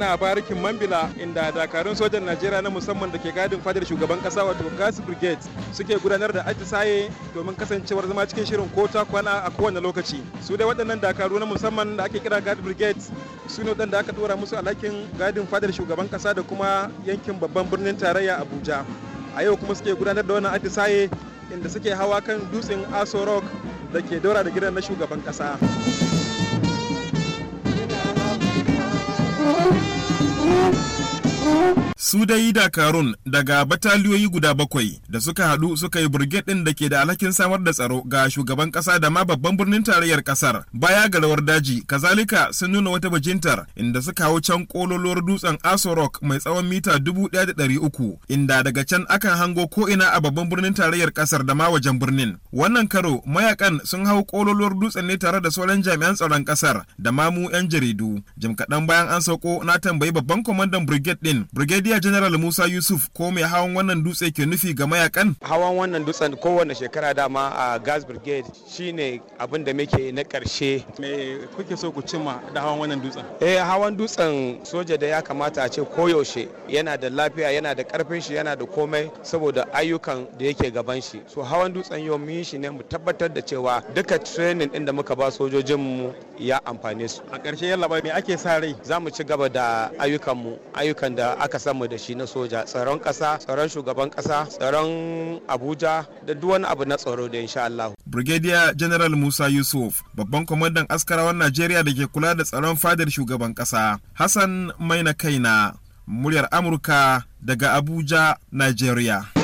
yana barikin mambila inda dakarun sojan najeriya na musamman da ke gadin fadar shugaban kasa wato gas brigade suke gudanar da atisaye domin kasancewar zama cikin shirin ko ta kwana a kowane lokaci su dai waɗannan dakaru na musamman da ake kira gas brigade su ne waɗanda aka ɗora musu alhakin gadin fadar shugaban kasa da kuma yankin babban birnin tarayya abuja a yau kuma suke gudanar da wannan atisaye inda suke hawa kan dutsen aso rock da ke daura da gidan na shugaban kasa. su dai dakarun daga bataliyoyi guda bakwai da suka haɗu suka yi burge da ke da alhakin samar da tsaro ga shugaban ƙasa da ma babban birnin tarayyar ƙasar baya ga rawar daji kazalika sun nuna wata bajintar inda suka hau can kololuwar dutsen aso rock mai tsawon mita dubu ɗaya da ɗari uku inda daga can akan hango ko ina a babban birnin tarayyar ƙasar da ma wajen birnin wannan karo mayakan sun hau kololuwar dutsen ne tare da sauran jami'an tsaron ƙasar da mamu 'yan jaridu jim kaɗan bayan an sauko na tambayi babban kwamandan brigade din brigadier General Musa Yusuf ko mai hawan wannan dutse ke nufi ga mayakan? Hawan wannan dutsen kowane shekara dama a Gas Brigade shine abin da muke na karshe. Me kuke so ku cimma da hawan wannan dutsen? Eh hawan dutsen soja da ya kamata a ce koyaushe yana da lafiya yana da karfin shi yana da komai saboda ayyukan da yake gaban shi. So hawan dutsen yau mun shi ne mu tabbatar da cewa duka training din da muka ba sojojin mu ya amfane su. A karshe yalla me ake sa rai? Za mu ci gaba da ayyukan mu ayyukan da aka samu da shi na soja tsaron kasa tsaron shugaban kasa tsaron abuja da duk wani abu na tsaro da insha Allah. brigadier general musa yusuf babban kwamandan askarawan najeriya da ke kula da tsaron fadar shugaban kasa hassan maina kaina muryar amurka daga abuja najeriya.